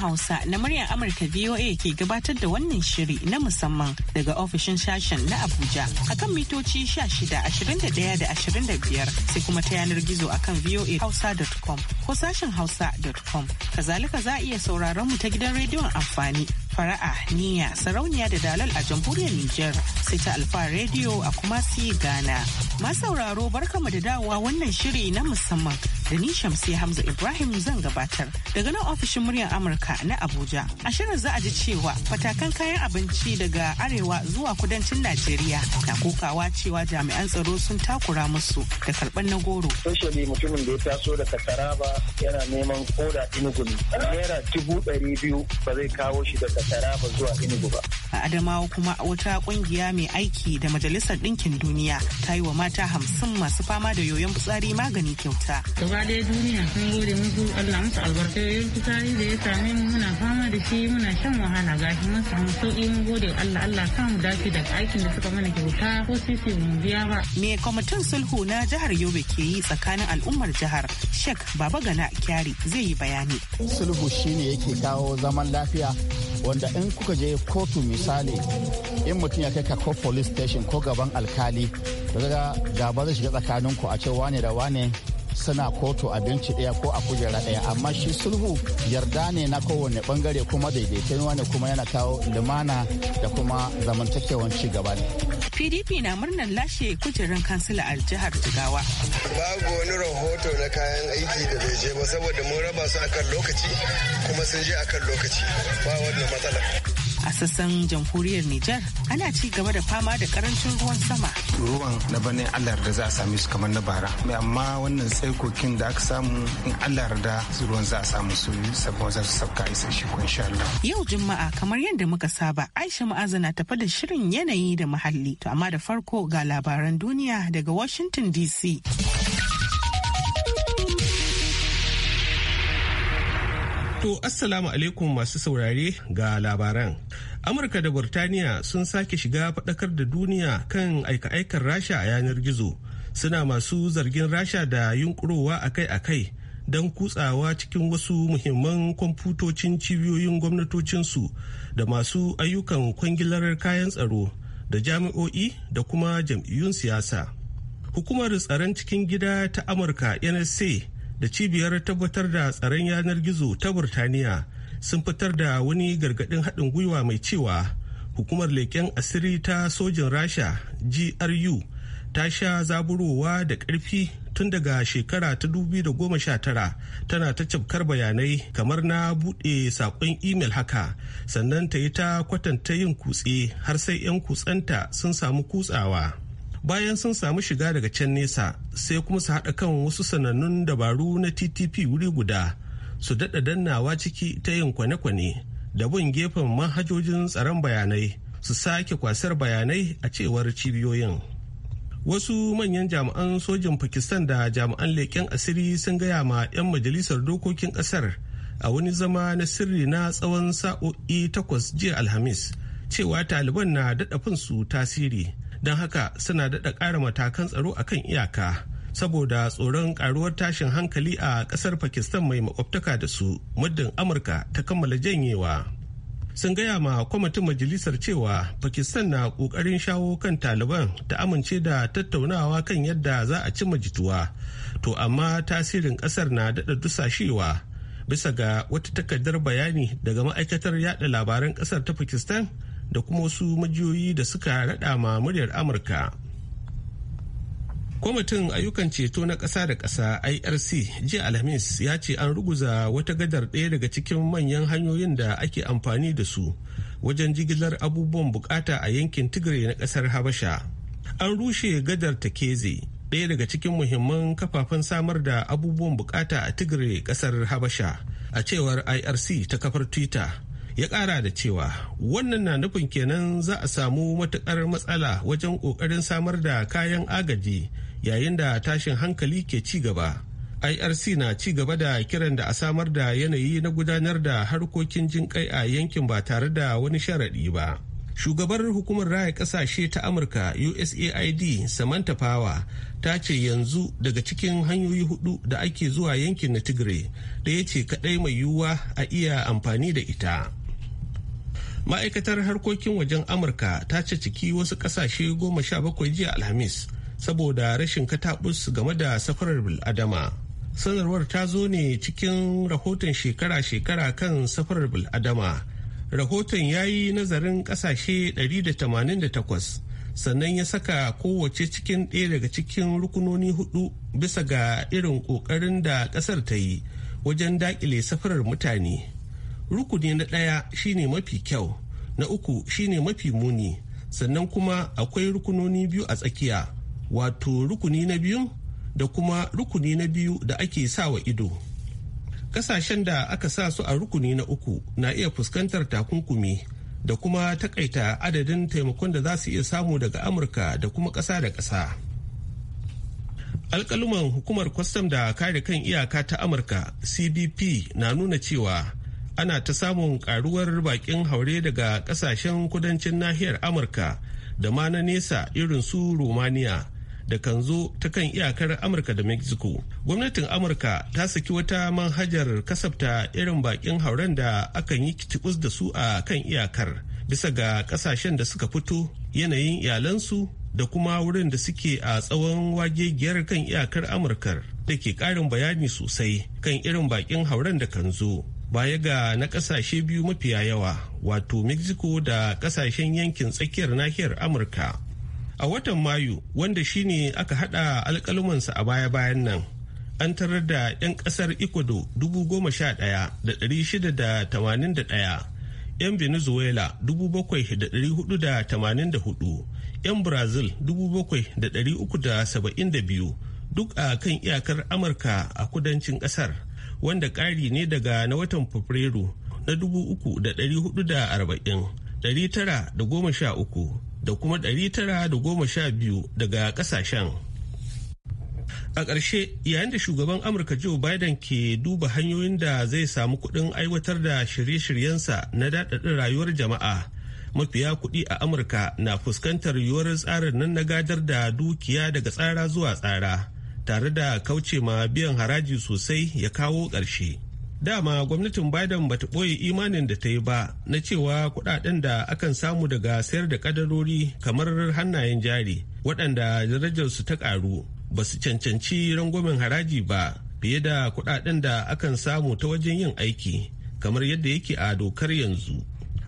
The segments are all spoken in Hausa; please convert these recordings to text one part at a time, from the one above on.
Hausa na muryar Amurka VOA ke gabatar da wannan shiri na musamman daga ofishin sashen na Abuja akan mitoci 16, da 25 sai kuma ta yanar gizo akan voahausa.com ko sashen hausa.com. Kazalika za a iya sauraron mu ta gidan rediyon amfani fara'a niya sarauniya da dalal a jamhuriyar Nijar sai ta alfa rediyo a kuma si Ghana. Masauraro barkama da dawowa wannan shiri na musamman da ni Shamsi Hamza Ibrahim zan gabatar daga nan ofishin muryar Amurka na Abuja. A shirin za a ji cewa fatakan kayan abinci daga arewa zuwa kudancin Najeriya na kokawa cewa jami'an tsaro sun takura musu da karɓar na goro. Especially mutumin da ya taso daga Taraba yana neman koda inugun Naira dubu ɗari biyu ba zai kawo shi daga ba zuwa inugu ba a adamawa kuma wata kungiya mai aiki da majalisar ɗinkin duniya ta yi wa mata hamsin masu fama da yoyon fitsari magani kyauta. gaba daya duniya sun gode musu allah musu albarka yoyon fitsari da ya same mu muna fama da shi muna shan wahala shi mun samu sauƙi mun gode allah allah kan mu dace da aikin da suka mana kyauta ko sisi mun biya ba. me kwamitin sulhu na jihar yobe ke yi tsakanin al'ummar jihar shek baba gana kyari zai yi bayani. sulhu shine yake kawo zaman lafiya wanda in kuka je kotu mai misali in mutum ya kai ka ko police station ko gaban alkali daga gaba zai shiga tsakaninku a ce wane da wane suna kotu binci ɗaya ko a kujera ɗaya amma shi sulhu yarda ne na kowane bangare kuma daidaituwa ne kuma yana kawo lumana da kuma zamantakewan ci gaba ne. pdp na murnar lashe kujerun kansila a jihar jigawa babu wani rahoto na kayan aiki da bai je ba saboda mun raba su akan lokaci kuma sun je akan lokaci ba wannan matsala a sassan jamhuriyar Nijar ana ci gaba da fama da karancin ruwan sama. Ruwan na bane Allah da za a sami su kamar na bara. Mai amma wannan tsaikokin da aka samu in Allah da ruwan za a samu su sabon za su sabka isa shi ko insha Allah. Yau Juma'a kamar yadda muka saba Aisha Ma'aza na tafi da shirin yanayi da muhalli. To amma da farko ga labaran duniya daga Washington DC. To Assalamu alaikum masu saurare ga labaran. Amurka da Burtaniya sun sake shiga faɗakar da duniya kan aika-aikar Rasha a yanar gizo. Suna masu zargin Rasha da yunkurowa akai-akai don kutsawa cikin wasu muhimman kwamfutocin cibiyoyin gwamnatocinsu da masu ayyukan kwangilar kayan tsaro da jami'o'i da kuma jam'iyyun siyasa. Hukumar tsaron cikin gida ta Amurka NSA da cibiyar tabbatar da tsaron yanar gizo ta burtaniya sun fitar da wani gargaɗin haɗin gwiwa mai cewa hukumar leƙen asiri ta sojin rasha gru ta sha zaburowa da ƙarfi tun daga shekara ta 2019 tana ta cafkar bayanai kamar na buɗe saƙon imel haka sannan ta yi ta kwatanta yin kutse har sai 'yan kutsanta sun samu kutsawa. bayan sun samu shiga daga can nesa sai kuma su haɗa kan wasu sanannun dabaru na ttp wuri guda su daɗa dannawa ciki ta yin kwane-kwane da bin gefen manhajojin tsaron bayanai su sake kwasar bayanai a cewar cibiyoyin wasu manyan jami'an sojin pakistan da jami'an leƙen asiri sun gaya ma 'yan majalisar dokokin ƙasar a wani zama na sirri na tsawon sa'o'i takwas jiya alhamis cewa taliban na daɗa fin su tasiri don haka suna daɗa ƙara matakan tsaro a kan iyaka saboda tsoron ƙaruwar tashin hankali a ƙasar pakistan mai makwabtaka da su muddin amurka ta kammala janyewa sun gaya ma kwamitin majalisar cewa pakistan na ƙoƙarin shawo kan taliban ta amince da tattaunawa kan yadda za a ci jituwa to amma tasirin ƙasar na daɗa dusashewa bisa ga wata takardar bayani daga ma'aikatar yada labaran ƙasar ta pakistan da kuma wasu majiyoyi da suka rada ma muryar amurka kwamitin ayyukan ceto na ƙasa da ƙasa irc jiya alhamis ya ce an ruguza wata gadar ɗaya daga cikin manyan hanyoyin da ake amfani da su wajen jigilar abubuwan bukata a yankin tigray na ƙasar habasha an rushe gadar takeze ɗaya daga cikin muhimman kafafen samar da abubuwan bukata a tigray ƙasar habasha a cewar irc ta kafar twitter ya kara da cewa wannan na nufin kenan za a samu matukar matsala wajen kokarin samar da kayan agaji yayin da tashin hankali ke ci gaba irc na ci gaba da kiran da a samar da yanayi na gudanar da harkokin jinƙai a yankin ba tare da wani sharaɗi ba shugabar hukumar raya ƙasashe ta amurka usaid samantha power ta ce yanzu daga cikin hanyoyi hudu da ake zuwa yankin na tigray da ya ce kadai mai yiwuwa a iya amfani da ita ma'aikatar harkokin wajen amurka ta ce ciki wasu kasashe goma sha bakwai jiya alhamis saboda rashin katabus game da safarar bil'adama sanarwar ta zo ne cikin rahoton shekara-shekara kan safarar bil'adama rahoton ya yi nazarin kasashe 188 sannan ya saka kowace cikin ɗaya daga cikin rukunoni hudu bisa ga irin ƙoƙarin da ƙasar ta yi wajen daƙile safarar mutane rukuni na ɗaya shine mafi kyau na uku shine mafi muni sannan kuma akwai rukunoni biyu a tsakiya wato rukuni na biyu da kuma rukuni na biyu da ake sa wa ido kasashen da aka sa su a rukuni na uku na iya fuskantar takunkumi da kuma takaita adadin taimakon da za su iya samu daga amurka da kuma ƙasa da ƙasa alkaluman hukumar kwastam da kare kan iyaka ta amurka cbp na nuna cewa ana ta samun karuwar bakin haure daga kasashen kudancin nahiyar amurka da ma na nesa irin su romania da kan zo ta kan iyakar amurka da mexico gwamnatin amurka ta saki wata manhajar kasafta irin bakin hauren da akan yi kitikus da su a kan iyakar bisa ga kasashen da suka fito yanayin iyalansu da kuma wurin da suke a tsawon wagegiyar kan iyakar amurkar da ke karin bayani sosai kan irin bakin hauren da kan zo baya ga na kasashe biyu mafiya yawa wato mexico da kasashen yankin tsakiyar nahiyar amurka a watan mayu wanda shine aka hada alkalumansa a baya-bayan nan an tarar da 'yan kasar ecuador 11,681 'yan venezuela 7,484 'yan brazil 7,372 duk a kan iyakar amurka a kudancin kasar wanda ƙari ne daga na watan Fabrairu na 3,440, 913 da kuma 912 daga ƙasashen. A ƙarshe yayin da shugaban Amurka Joe Biden ke duba hanyoyin da zai samu kuɗin aiwatar da shirye-shiryensa na daɗaɗin rayuwar jama'a. mafiya kuɗi a amurka na fuskantar yiwuwar tsarin nan na gadar da dukiya daga tsara zuwa tsara tare da kauce ma biyan haraji sosai ya kawo ƙarshe. Dama gwamnatin Biden bata ɓoye imanin da ta yi ba na cewa kuɗaɗen da akan samu daga sayar da kadarori kamar hannayen jari waɗanda darajarsu ta ƙaru ba su cancanci rangwamen haraji ba fiye da kuɗaɗen da akan samu ta wajen yin aiki kamar yadda yake a dokar yanzu.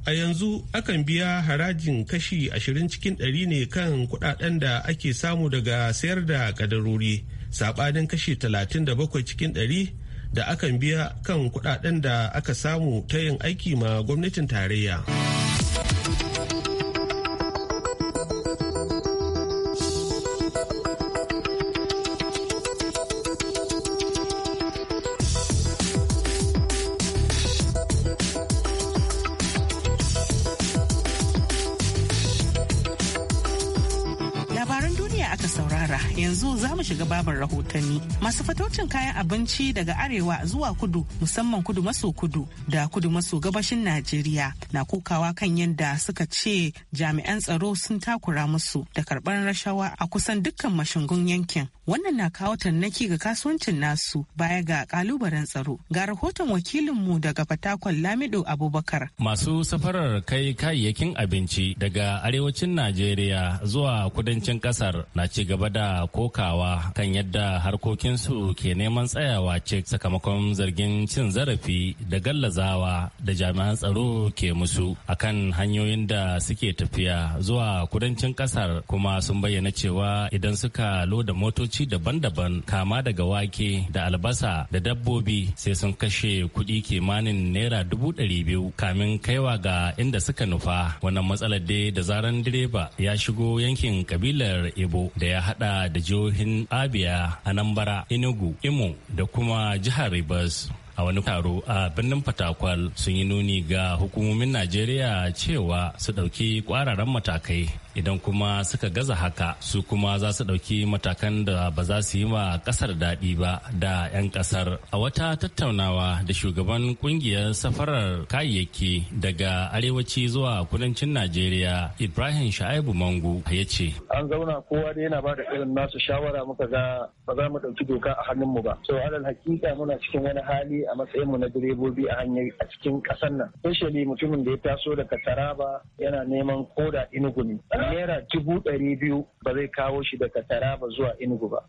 a yanzu akan biya harajin kashi 20 cikin 100 ne kan kuɗaɗen da ake samu daga sayar da kadarori sabanin kashi 37 cikin 100 da akan biya kan kudaden da aka samu ta yin aiki ma gwamnatin tarayya. tara yanzu za mu shiga babin rahotanni masu fatocin kayan abinci daga arewa zuwa kudu musamman kudu maso kudu da kudu maso gabashin najeriya na kokawa kan yadda suka ce jami'an tsaro sun takura musu da karɓar rashawa a kusan dukkan mashingun yankin wannan na kawo tannaki ga kasuwancin nasu baya ga kalubalen tsaro ga rahoton wakilinmu daga fatakwal lamido abubakar masu safarar kai kayayyakin abinci daga arewacin najeriya zuwa kudancin kasar na ci gaba da da kokawa kan yadda harkokinsu ke neman tsayawa ce sakamakon zargin cin zarafi da gallazawa da jami'an tsaro ke musu akan hanyoyin da suke tafiya zuwa kudancin kasar kuma sun bayyana cewa idan suka loda motoci daban-daban kama daga wake da albasa da dabbobi sai sun kashe kuɗi kimanin naira dubu ɗari biyu kamin kaiwa ga inda suka nufa wannan matsalar dai da zaran direba ya shigo yankin kabilar ibo da ya haɗa da jihohin abia anambra enugu imo da kuma jihar rivers a wani taro a birnin fatakwal sun yi nuni ga hukumomin najeriya cewa su ɗauki kwararan matakai idan kuma suka gaza haka su kuma za su ɗauki matakan da ba za su yi ma ƙasar daɗi ba da 'yan ƙasar a wata tattaunawa da shugaban ƙungiyar safarar kayayyaki daga arewaci zuwa kudancin najeriya ibrahim sha'ibu mangu ya ce an zauna kowa da yana ba da irin nasu shawara muka ga ba za mu ɗauki doka a mu ba so alal hakika muna cikin wani hali a matsayinmu na direbobi a hanyar a cikin ƙasar nan especially mutumin da ya taso daga taraba yana neman koda inugu ne naira dubu ɗari biyu ba zai kawo shi daga taraba zuwa inugu ba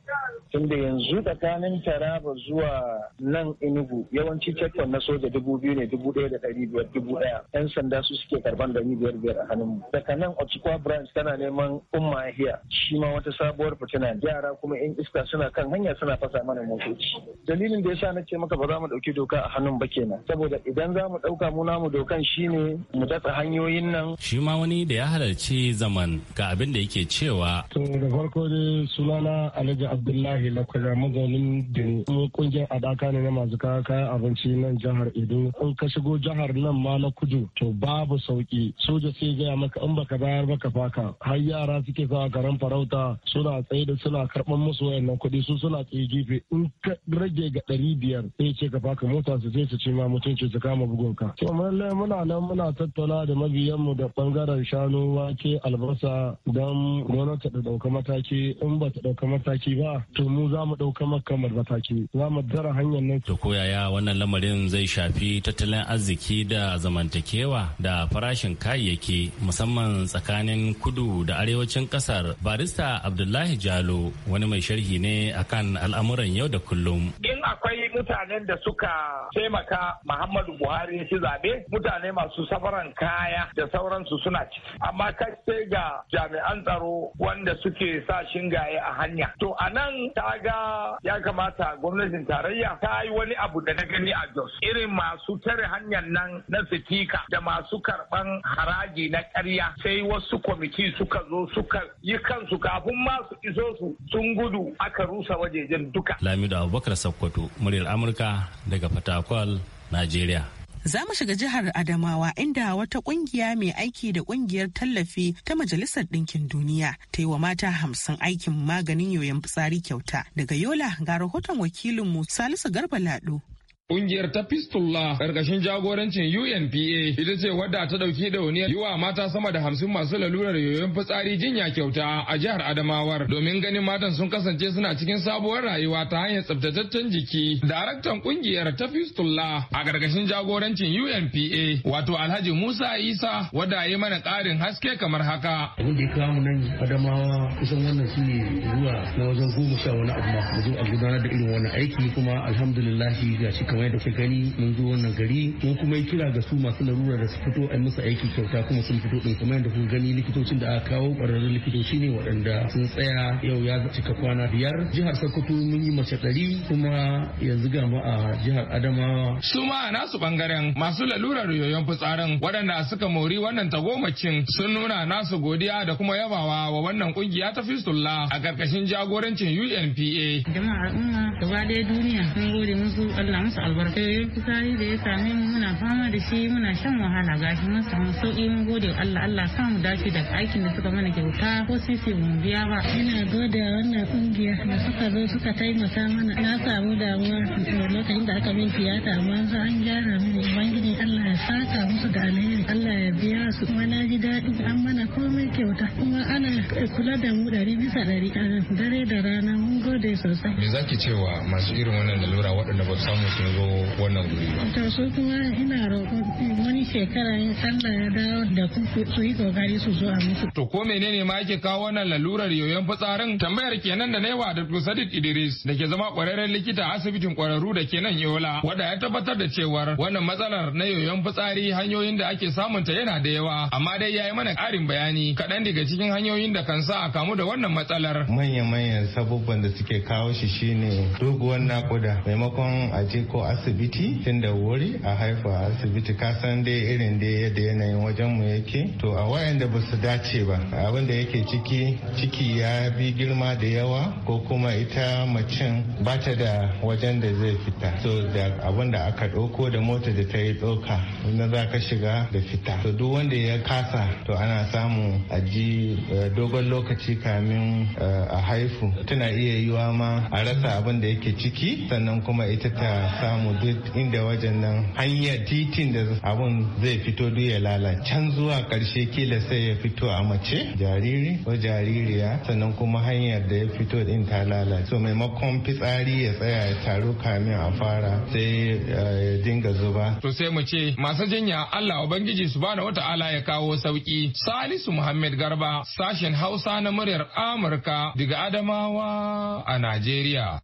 tunda yanzu tsakanin taraba zuwa nan inugu yawanci cekon na soja dubu biyu ne dubu ɗaya da ɗari biyar dubu ɗaya yan sanda su suke karban ɗari biyar biyar a hannun daga nan ochikwa branch tana neman umma ahiya shi ma wata sabuwar fitina yara kuma yan iska suna kan hanya suna fasa mana motoci dalilin da yasa na ce maka ba za mu ɗauki doka a hannun ba kenan saboda idan za mu ɗauka mu namu dokan shine mu datsa hanyoyin nan shi ma wani da ya halarci zama Usman ga abin da yake cewa. To da farko dai sunana Alhaji Abdullahi Lakwaja mazaunin Benin kungiyar adaka ne na masu kayan abinci nan jihar Edo. In ka shigo jihar nan ma na kudu to babu sauki soja sai gaya maka in baka bayar baka faka har yara suke zuwa garan farauta suna tsaye da suna karban musu wayannan kuɗi su suna tsaye gefe in ka rage ga ɗari biyar sai ce ka faka mota su sai su ce ma mutunci su kama bugun ka. To muna nan muna tattauna da mabiyanmu da bangaren shanu wake albarka. masa don gwamnati ta ɗauka mataki in ba ta ɗauka mataki ba to mu za mu ɗauka makamar mataki za mu zara hanyar nan. To koyaya wannan lamarin zai shafi tattalin arziki da zamantakewa da farashin kayayyaki musamman tsakanin kudu da arewacin kasar barista Abdullahi Jalo wani mai sharhi ne akan al'amuran yau da kullum. In akwai mutanen da suka taimaka Muhammadu Buhari ya ci zaɓe mutane masu safaran kaya da sauransu suna ci amma kai sai ga da jami'an tsaro wanda suke sa shingaye a hanya. To a nan ta ga ya kamata gwamnatin tarayya ta yi wani abu da na gani a Jos. Irin masu tare hanyar nan na sitika da masu karɓan haraji na karya sai wasu kwamiti suka zo suka yi kansu kafin masu su iso su sun gudu aka rusa wajejen duka. Lamido Abubakar Sokoto, muryar Amurka daga Fatakwal, Najeriya. Za mu shiga jihar Adamawa inda wata kungiya mai aiki da kungiyar tallafi ta Majalisar Ɗinkin Duniya ta yi wa mata hamsin aikin maganin yoyon fitsari kyauta. Daga Yola ga rahoton wakilinmu Salisu Garba Lado Kungiyar ta Fistula ƙarƙashin jagorancin UNPA ita ce wadda ta ɗauki ɗauniyar yi wa mata sama da hamsin masu lalurar yoyon fitsari jinya kyauta a jihar Adamawar domin ganin matan sun kasance suna cikin sabuwar rayuwa ta hanyar tsabtataccen jiki. Daraktan kungiyar ta Fistula a ƙarƙashin jagorancin UNPA wato Alhaji Musa Isa wadda ya yi mana ƙarin haske kamar haka. Abin da ya kawo nan Adamawa kusan wannan su ne zuwa na wajen goma sha wani abu ma da zo a gudanar da irin wani aiki kuma alhamdulillahi ga shi kamar kamar yadda kuka gani mun zo wannan gari mun kuma yi kira ga su masu larura da su fito a musu aiki kyauta kuma sun fito din kamar yadda kuka gani likitocin da aka kawo kwararrun likitoci ne waɗanda sun tsaya yau ya cika kwana biyar jihar sokoto mun yi mace ɗari kuma yanzu ga mu a jihar adamawa. su ma a nasu bangaren masu lalurar yoyon fitsarin waɗanda suka mori wannan tagomacin sun nuna nasu godiya da kuma yabawa wa wannan kungiya ta fistula a ƙarƙashin jagorancin unpa. jama'a umma gaba ɗaya duniya mun gode musu allah musu albarka. Eh fitsari da ya same mu muna fama da shi muna shan wahala gashi mun samu sauki mun gode Allah Allah sa mu dace da aikin da suka mana kyauta ko sisi mun biya ba. Ina gode wannan kungiya da suka zo suka taimaka mana na samu damuwa eh, lokacin da aka min tiyata amma an gyara mini ubangiji Allah ya saka musu da alheri Allah ya biya su kuma na ji daɗi an mana komai kyauta kuma ana eh, kula da mu ɗari bisa ɗari dare da rana mun gode sosai. Me zaki cewa masu irin wannan lalura waɗanda ba su samu sun zo zo wannan guri ba. To su kuma ina roƙo wani shekara in Allah ya dawo da ku su yi kokari su zo a musu. To ko menene ma yake kawo wannan lalurar yoyon fitsarin tambayar kenan da naiwa da Sadiq Idris da ke zama kwararren likita a asibitin kwararru da ke nan Yola wanda ya tabbatar da cewar wannan matsalar na yoyon fitsari hanyoyin da ake samun ta yana da yawa amma dai ya yi mana ƙarin bayani kaɗan daga cikin hanyoyin da kan sa a kamu da wannan matsalar. Manya-manyan sabubban da suke kawo shi shine doguwar naƙuda maimakon a ko asibiti tun da wuri a haifa asibiti kasan dai irin dai yadda yanayin wajen mu yake to a wayan ba su dace ba abin da yake ciki ciki ya bi girma da yawa ko kuma ita macin ba ta da wajen da zai fita so da abin da aka ɗauko da mota da ta yi ɗauka na za ka shiga da fita to duk wanda ya kasa to ana samu a ji eh, dogon lokaci kamin eh, a haifu tana iya yiwa ma a rasa abin da yake ciki sannan kuma ita ta sa. samu duk inda wajen nan hanyar titin da abun zai fito duk ya lalace can zuwa karshe kila sai ya fito a mace jariri ko jaririya sannan kuma hanyar da ya fito din ta lalace so maimakon fitsari ya tsaya ya taru kamin a fara sai eh, ya dinga zuba to sai mu ce masu jinya Allah ubangiji wata wata'ala ya kawo sauki Salisu Muhammad Garba sashen Hausa na muryar Amurka daga Adamawa a Najeriya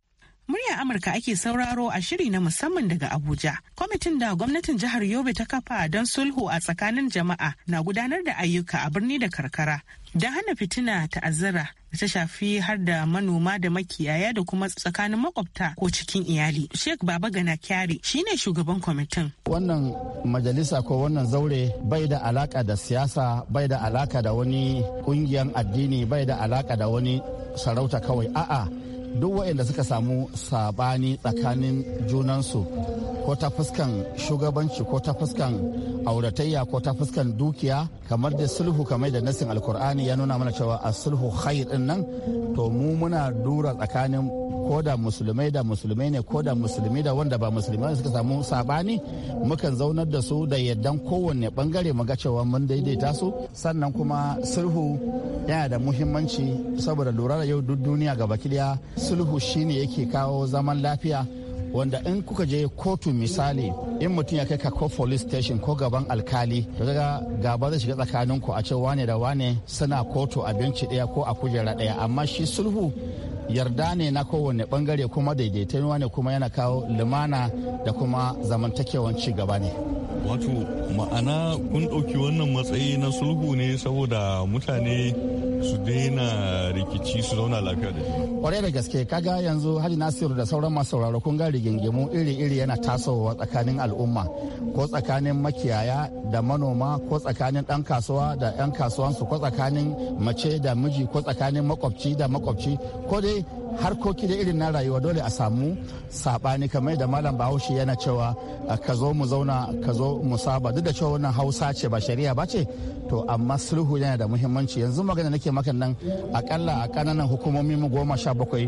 Muryar Amurka ake sauraro a shiri na musamman daga Abuja. Kwamitin da gwamnatin jihar Yobe ta kafa don sulhu a tsakanin jama'a na gudanar da ayyuka a birni da karkara. Don hana fitina ta'azzara da ta shafi har da manoma da makiyaya da kuma tsakanin makwabta ko cikin iyali. Sheikh Baba Gana Kyari shine shugaban kwamitin. Wannan majalisa ko wannan zaure bai da alaka da siyasa, bai da alaka da wani kungiyan addini, bai da alaka da wani sarauta kawai. A'a duk waɗanda suka samu sabani tsakanin junansu ko ta fuskan shugabanci ko ta fuskan auratayya ko ta fuskan dukiya kamar da sulhu kamar da nasin alkur'ani ya nuna mana cewa a sulhu khair nan to mu muna dura tsakanin ko da musulmai da musulmai ne ko da musulmi da wanda ba musulmai suka samu sabani mukan zaunar da su da yardan kowanne bangare mu ga cewa mun daidaita su sannan kuma sulhu yana da muhimmanci saboda lura da yau duk duniya gaba kiliya sulhu shine yake kawo zaman lafiya wanda in kuka je kotu misali in mutum ya kai ka ko police station ko gaban alkali to daga gaba zai shiga tsakaninku a ce wane da wane suna kotu a benci daya ko a kujera daya amma shi sulhu yarda ne na kowane bangare kuma daidaitanuwa ne kuma yana kawo lumana da kuma zamantakewan ci gaba ne wato ma'ana kun ɗauki wannan matsayi na sulhu ne saboda mutane su daina rikici su zauna lafiya da juna. Kwarai da gaske kaga yanzu Haji Nasiru da sauran masu sauraro kun ga rigingimu iri-iri yana tasowa tsakanin al'umma ko tsakanin makiyaya da manoma ko tsakanin ɗan kasuwa da 'yan kasuwansu ko tsakanin mace da miji ko tsakanin makwabci da makwabci ko dai harkoki da irin na rayuwa dole a samu sabani kamar da malam bahaushe yana cewa ka zo mu zauna ka zo mu saba duk da cewa wannan hausa ce ba shari'a ba ce to amma sulhu yana da muhimmanci yanzu magana nake maka nan akalla a kananan hukumomi mu goma sha bakwai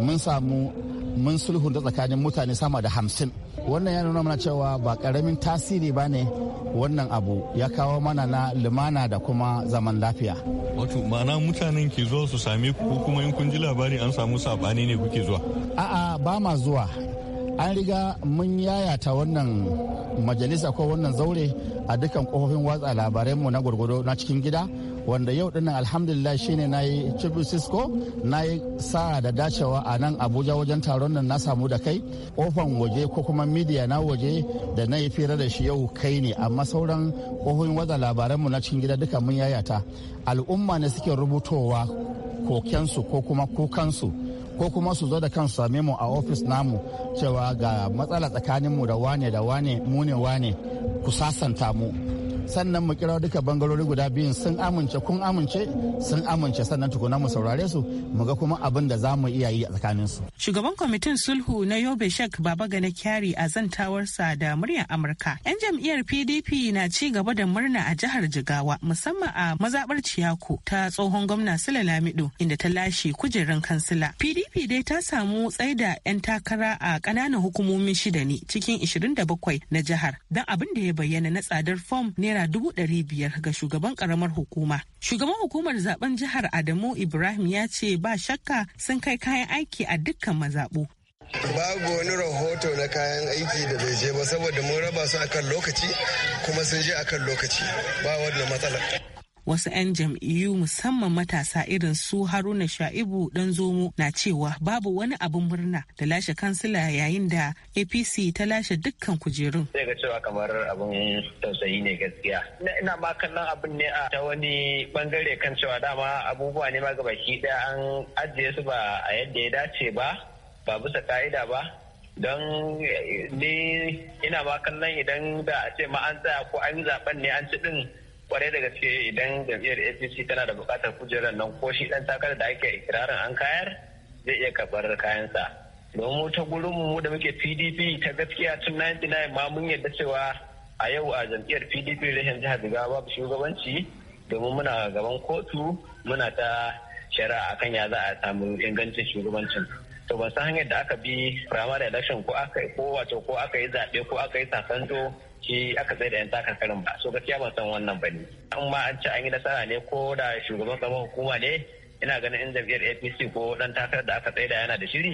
mun samu mun sulhu da tsakanin mutane sama da hamsin wannan ya nuna mana cewa ba karamin tasiri ba ne wannan abu ya kawo mana na lumana da kuma zaman lafiya. Wato ma'ana mutanen ke zuwa su same ku kuma in kun ji labari an samu sabani ne kuke zuwa? A'a ba ma zuwa an riga mun yayata wannan majalisa ko wannan zaure a dukkan kofofin watsa labaranmu na gwargwado na cikin gida wanda yau dinnan alhamdulillah shine na yi chibu cisco na yi sa'a da dacewa a nan abuja wajen taron nan na samu da kai kofan waje ko kuma midiya na waje da na yi fira da shi yau kai ne amma sauran kofofin watsa labaranmu na cikin gida duka mun yayata al'umma ne suke rubutowa kokensu ko kuma kukansu ko kuma su zo da kan same mu a ofis namu cewa ga matsala tsakaninmu da wane da wane mu ne wane ku sasanta mu sannan mu kira duka bangarori guda biyun sun amince kun amince sun amince sannan tukuna mu saurare su mu ga kuma abin da za mu iya yi a tsakanin su. Shugaban kwamitin sulhu na Yobe Shek na Kyari a zantawarsa da muryar Amurka. 'Yan jam'iyyar PDP na ci gaba da murna a jihar Jigawa musamman a mazabar Ciyako ta tsohon gwamna Sule Lamido inda ta lashe kujerun kansila. PDP dai ta samu tsaida 'yan takara a ƙananan hukumomin shida ne cikin 27 na jihar don abin da ya bayyana na tsadar fom naira naira dubu ɗari biyar ga shugaban karamar hukuma. Shugaban hukumar zaben jihar Adamu Ibrahim ya ce ba shakka sun kai kayan aiki a dukkan mazaɓu. Babu wani rahoto na kayan aiki da bai je ba saboda mun raba su akan lokaci kuma sun je akan lokaci ba wannan matsala. wasu 'yan jam'iyyu musamman matasa irin su haruna sha'ibu dan zomo na cewa babu wani abin murna da lashe kansila yayin da apc ta lashe dukkan kujerun zai ga cewa kamar abin tausayi ne gaskiya ina ma kallon abin ne a ta wani bangare kan cewa dama abubuwa ne ma gabaki daya an ajiye su ba a yadda ya dace ba ba bisa ka'ida ba don eh, ni ina ma kallon idan da a ce ma an tsaya ko an zaben ne an ci din kwarai da gaske idan jam'iyyar apc tana da bukatar kujerar nan ko shi dan takarar da ake ikirarin an kayar zai iya karɓar kayansa domin mu ta gurin mu da muke pdp ta gaskiya tun 99 ma mun yadda cewa a yau a jam'iyyar pdp rashin jihar jigawa babu shugabanci domin muna gaban kotu muna ta shari'a akan ya za a samu ingancin shugabancin to ban san hanyar da aka bi primary election ko aka ko wato ko aka yi zaɓe ko aka yi sasanto shi aka tsaye da yan takarkarin ba so gaskiya ban san wannan ba ne an ma an ci an yi nasara ne ko da shugaban gaban hukuma ne ina ganin in jam'iyyar apc ko dan takarar da aka tsaye da yana da shiri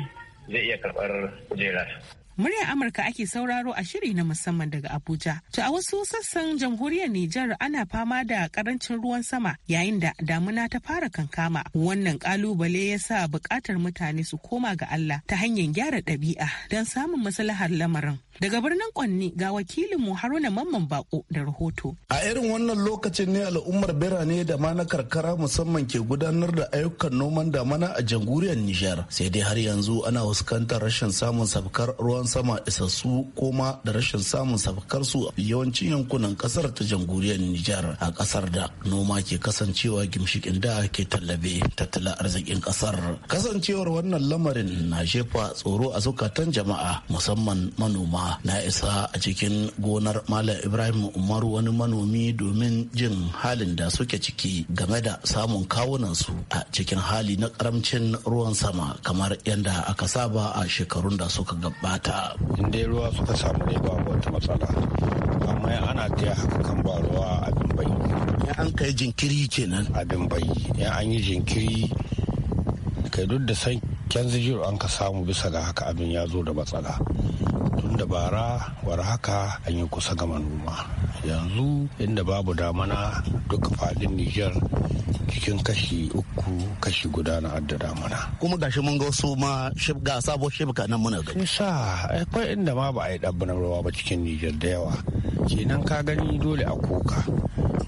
zai iya karɓar kujerar Murya Amurka ake sauraro a shiri na musamman daga Abuja. To a wasu sassan jamhuriyar Nijar ana fama da karancin ruwan sama yayin da damuna ta fara kankama. Wannan kalubale ya sa bukatar mutane su koma ga Allah ta hanyar gyara ɗabi'a don samun maslahar lamarin. Daga birnin Kwanni ga wakilin mu Haruna Mamman Bako da rahoto. A irin wannan lokacin ne al'ummar birane da ma na karkara musamman ke gudanar da ayyukan noman damana a janguriyar Nijar. Sai dai har yanzu ana fuskantar rashin samun sabkar ruwan sama isassu ko ma da rashin samun sabkar su yawancin yankunan kasar ta janguriyar Nijar a kasar da noma ke kasancewa gimshikin da ke tallabe tattalin arzikin kasar. Kasancewar wannan lamarin na jefa tsoro a zukatan jama'a musamman manoma na isa a cikin gonar Malam Ibrahim Umaru wani manomi domin jin halin da suke ciki game da samun kawunansu a cikin hali na karamcin ruwan sama kamar yadda aka saba a shekarun da suka gabata. Inda ruwa suka samu ne ba wata matsala. Amma ana taya haka kan ba ruwa abin Ya An kai jinkiri kenan. Abin Dumbai. Ya an yi jinkiri kai duk da san kyan an ka samu bisa ga haka abin ya zo da matsala. tun da bara war haka an yi kusa ga manoma yanzu inda babu damana duka fadin niger cikin kashi uku kashi guda na adda damana kuma gashi mun ga su ma shibga sabuwar shibga nan muna gani sa akwai inda ma ba a yi dabbana ruwa ba cikin niger da yawa kenan ka gani dole a koka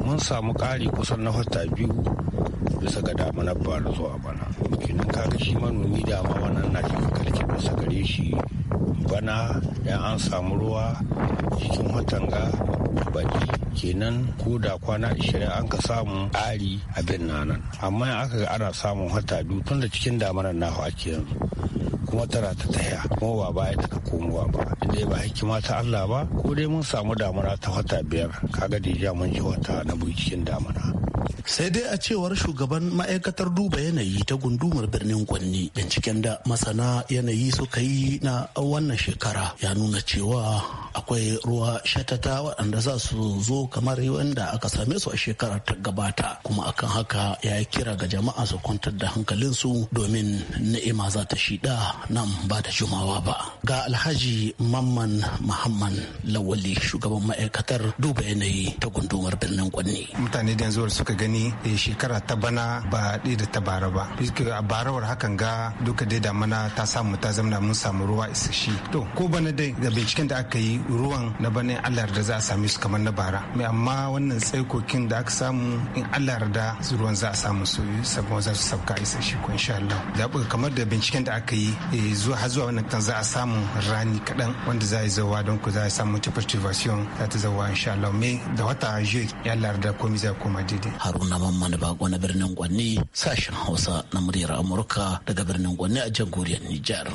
mun samu kari kusan na hota biyu bisa ga damana ba zuwa bana kenan kaga shi manomi dama wannan na shi kalkin bisa gare shi bana da an samu ruwa cikin watan ga baki kenan ko da kwana 20 an ka samu a abin nanan amma in aka ga ana samun wata biyu tun da cikin na hawa ke yanzu kuma tana ta taya kuma ba baya ta komowa ba dai ba hikima ta Allah ba ko dai mun samu damuna ta wata biyar kaga da mun ji wata na cikin damuna sai dai a cewar shugaban ma'aikatar duba yanayi ta gundumar birnin kwanni binciken da masana yanayi suka yi na wannan shekara ya nuna cewa akwai ruwa shatata waɗanda za su zo kamar wanda aka same su a shekarar ta gabata kuma akan haka ya yi kira ga jama'a su kwantar da hankalinsu domin ni'ima za ta shida nan ba da jimawa ba ga alhaji mamman muhammad lawali shugaban ma'aikatar duba yanayi ta gundumar birnin kwanni mutane da yanzu suka gani ne shekara ta bana ba ɗi da ta bara ba a barawar hakan ga duka dai damana ta samu ta zamana mun samu ruwa isashe to ko bana dai da binciken da aka yi ruwan na bana allah da za a same su kamar na bara mai amma wannan tsaikokin da aka samu in allah da ruwan za a samu su sabon za su sabka isashe ko insha allah da kamar da binciken da aka yi eh, zuwa har zuwa wannan kan za a samu rani kaɗan wanda za a zawa don ku za a samu ta perturbation za ta zawa insha allah mai da wata jiya ya allah da komai za koma daidai haruna na mamman bako na birnin Gwanni sashen Hausa na muryar Amurka daga birnin Gwanni a jamhuriyar Nijar.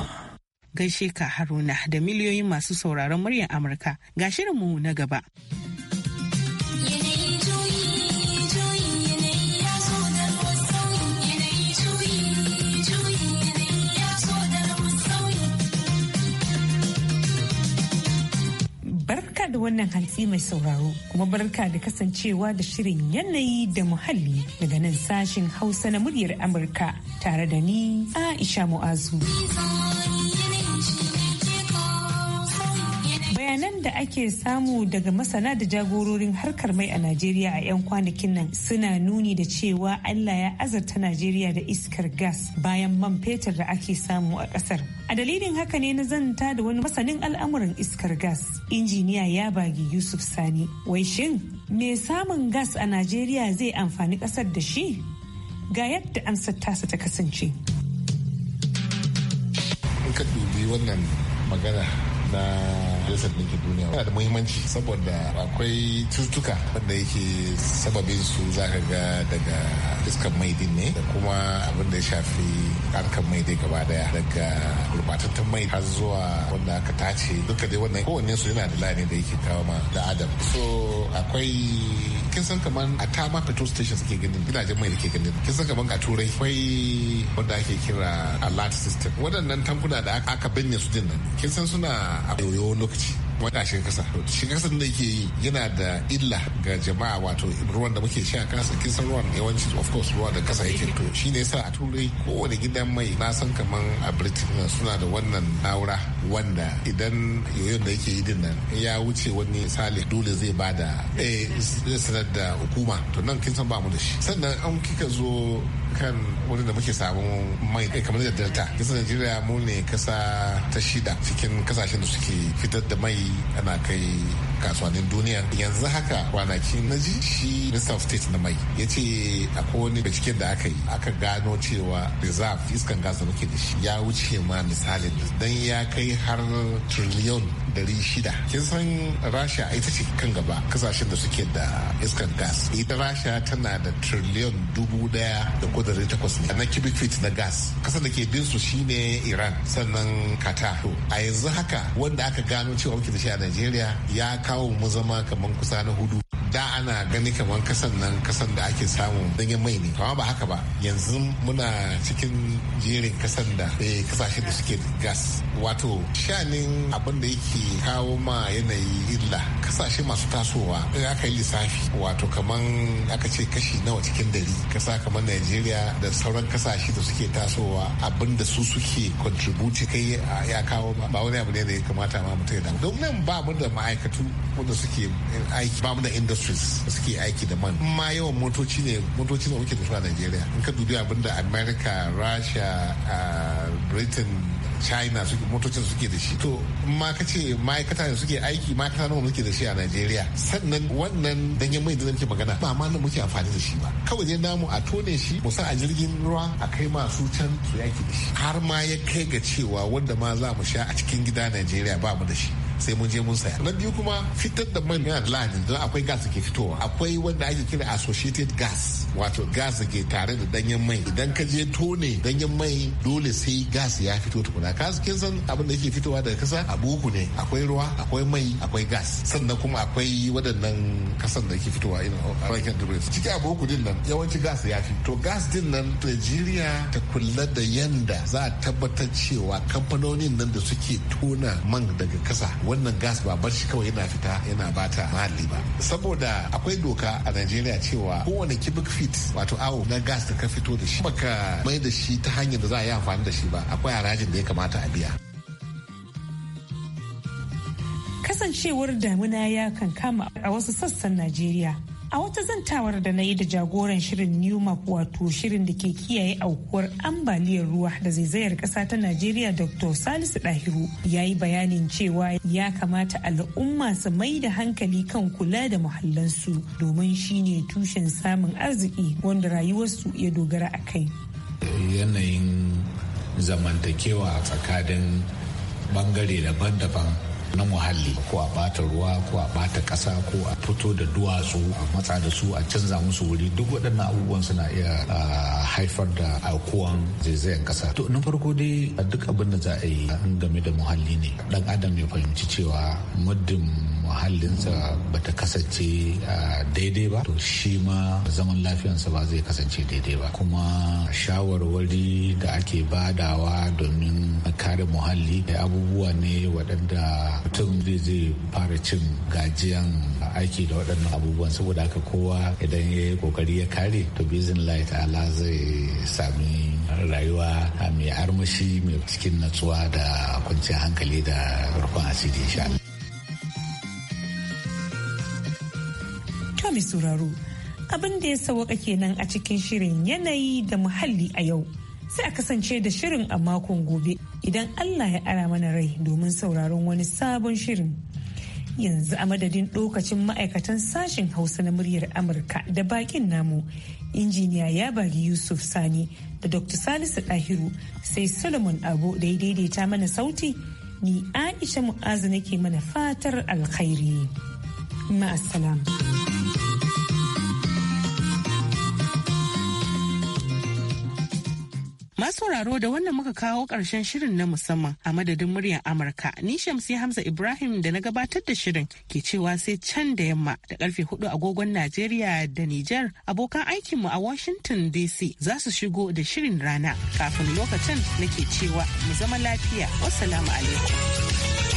Gaishe ka Haruna da miliyoyin masu sauraron muryar Amurka ga shirinmu na gaba. yeah. wannan hantsi mai sauraro kuma barka da kasancewa da shirin yanayi da muhalli daga nan sashin hausa na muryar amurka tare da ni aisha mu'azu. bayanan da ake samu daga masana da jagororin harkar mai a Najeriya a 'yan kwanakin nan suna nuni da cewa Allah ya azarta Najeriya da iskar gas bayan man fetur da ake samu a ƙasar. A dalilin haka ne na zanta da wani masanin al'amuran iskar gas, injiniya ya bagi Yusuf Sani. Wai shin, me samun gas a Najeriya zai amfani ƙasar da shi? Ga yadda amsar tasa ta kasance. ka wannan magana na Majalisar Ɗinkin Duniya yana da muhimmanci saboda akwai cututtuka wanda yake sababin su za ka ga daga iskar mai din ne da kuma abin da ya shafi harkar mai dai gaba daya daga gurbatattun mai har zuwa wanda aka tace duka dai wannan kowanne su yana da lani da yake kawo ma da adam so akwai kin san kaman a tama petrol station suke ganin gidajen mai da ke ganin kin san kaman a turai akwai wanda ake kira alert system waɗannan tankuna da aka binne su din nan kin san suna a yoyo lokaci wanda shiga kasa shiga kasa da yake yi yana da illa ga jama'a wato ruwan da muke sha kasa kin san ruwan yawanci of course ruwa da kasa yake to shine yasa a turai kowane gidan mai na san kaman a britain suna da wannan na'ura wanda idan yoyon da yake yi din nan ya wuce wani misali dole zai ba da eh, zai sanar da hukuma to nan kin san ba mu da shi sannan an kika zo kan wurin da muke samun mai kamar da delta kisa najeriya mu ne kasa ta shida cikin kasashen da suke fitar da mai ana kai kasuwannin duniya yanzu haka kwanaki na ji shi minister of state na mai ya ce akwai wani binciken da aka yi aka gano cewa reserve iskan gasa muke da shi ya wuce ma misalin dan ya kai har triliyon dari shida kin san rasha ita ce kan gaba kasashen da suke da iskar gas ita rasha tana da triliyon dubu daya da kudari takwas ne. na cubic feet na gas kasar da ke bin su shine iran sannan qatar a yanzu haka wanda aka gano cewa muke da shi a najeriya ya kawo mu zama kamar kusa na hudu da ana gani kamar kasan nan kasan da ake samu danyen mai ne amma ba haka ba yanzu muna cikin jerin kasan da eh, kasashe da suke gas wato shanin abin da yake kawo ma yanayi illa kasashe masu tasowa in aka yi lissafi wato kamar aka ce kashi nawa cikin dari kasa kamar najeriya da sauran kasashe da suke tasowa abin da su suke contribute kai ya kawo ba wani abu ne da ya kamata ma mutum ya damu don nan ba mu da ma'aikatu wanda suke aiki ba mu da industry industries da suke aiki da man ma yawan motoci ne motoci ne muke da su a nigeria in ka dubi abin da America Russia Britain china suke motocin suke da shi to ma ka ce ma'aikata ne suke aiki ma'aikata nawa muke da shi a najeriya sannan wannan danyen mai da nake magana ba ma nan muke amfani da shi ba kawai dai namu a tone shi mu sa a jirgin ruwa a kai masu can su yaki da shi har ma ya kai ga cewa wanda ma za mu sha a cikin gida najeriya ba mu da shi sai mun je mun saya na biyu kuma fitar da man yana lani don akwai gas da ke fitowa akwai wanda ake kira associated gas wato gas da ke tare da danyen mai idan ka je tone danyen mai dole sai gas ya fito tukuna ka kin san abin da yake fitowa daga kasa a buhu ne akwai ruwa akwai mai akwai gas sannan kuma akwai waɗannan kasan da yake fitowa ina American ciki a buhu din nan yawanci gas ya fi to gas din nan Nigeria ta kula da yanda za a tabbatar cewa kamfanonin nan da suke tona man daga kasa wannan gas ba bar shi kawai yana fita yana bata mahalli ba saboda akwai doka a Najeriya cewa kowane cubic feet wato awo na gas da ka fito da shi baka mai da shi ta hanyar da za a yi amfani da shi ba akwai harajin da ya kamata a biya kasancewar damuna ya kankama a wasu sassan Najeriya a wata zantawar da na yi da jagoran shirin newmap wato shirin da ke kiyaye aukuwar ambaliyar ruwa da zaizayar kasa ta najeriya dr salisu dahiru ya yi bayanin cewa ya kamata al'umma su mai da hankali kan kula da muhallansu domin shine tushen samun arziki wanda rayuwarsu ya dogara a kai yanayin zamantakewa a tsakanin bangare daban-daban na muhalli ko a bata ruwa ko a bata ƙasa ko a fito da duwatsu a matsa da su a canza musu wuri duk waɗannan abubuwan suna iya haifar da aukuwan zaizayen ƙasa. To na farko dai a duk abin da za a yi game da muhalli ne Dan adam ya fahimci cewa muddin muhallinsa bata kasance daidai ba to shi ma zaman lafiyansa ba zai kasance daidai ba kuma shawarwari da ake badawa domin kare muhalli da abubuwa ne waɗanda mutum zai zai fara cin gajiyan aiki da waɗannan abubuwan saboda haka kowa idan ya yi kokari ya kare to bizin light ala zai sami rayuwa mai armashi mai cikin natsuwa da kwanciyar hankali da rufin asiri insha mai sauraro abin da ya sauwaka kenan a cikin shirin yanayi da muhalli a yau sai a kasance da shirin a makon gobe idan Allah ya ara mana rai domin sauraron wani sabon shirin. Yanzu a madadin ɗokacin ma'aikatan sashen Hausa na muryar Amurka da bakin namu, injiniya ya bari Yusuf Sani da Dr. Salisu Ɗahiru sai Solomon Abo da ya daidaita mana sauti, ni Aisha Mu'azu nake mana fatar alkhairi. Ma'asalam. Masu sauraro da wannan muka kawo ƙarshen shirin na musamman a madadin muryar Amurka. Ni Shamsi Hamza Ibrahim da na gabatar da shirin ke cewa sai can da yamma da karfe hudu agogon Najeriya da Nijar abokan aikinmu a Washington DC za su shigo da shirin rana kafin lokacin nake cewa mu zama lafiya. Wassalamu alaikum.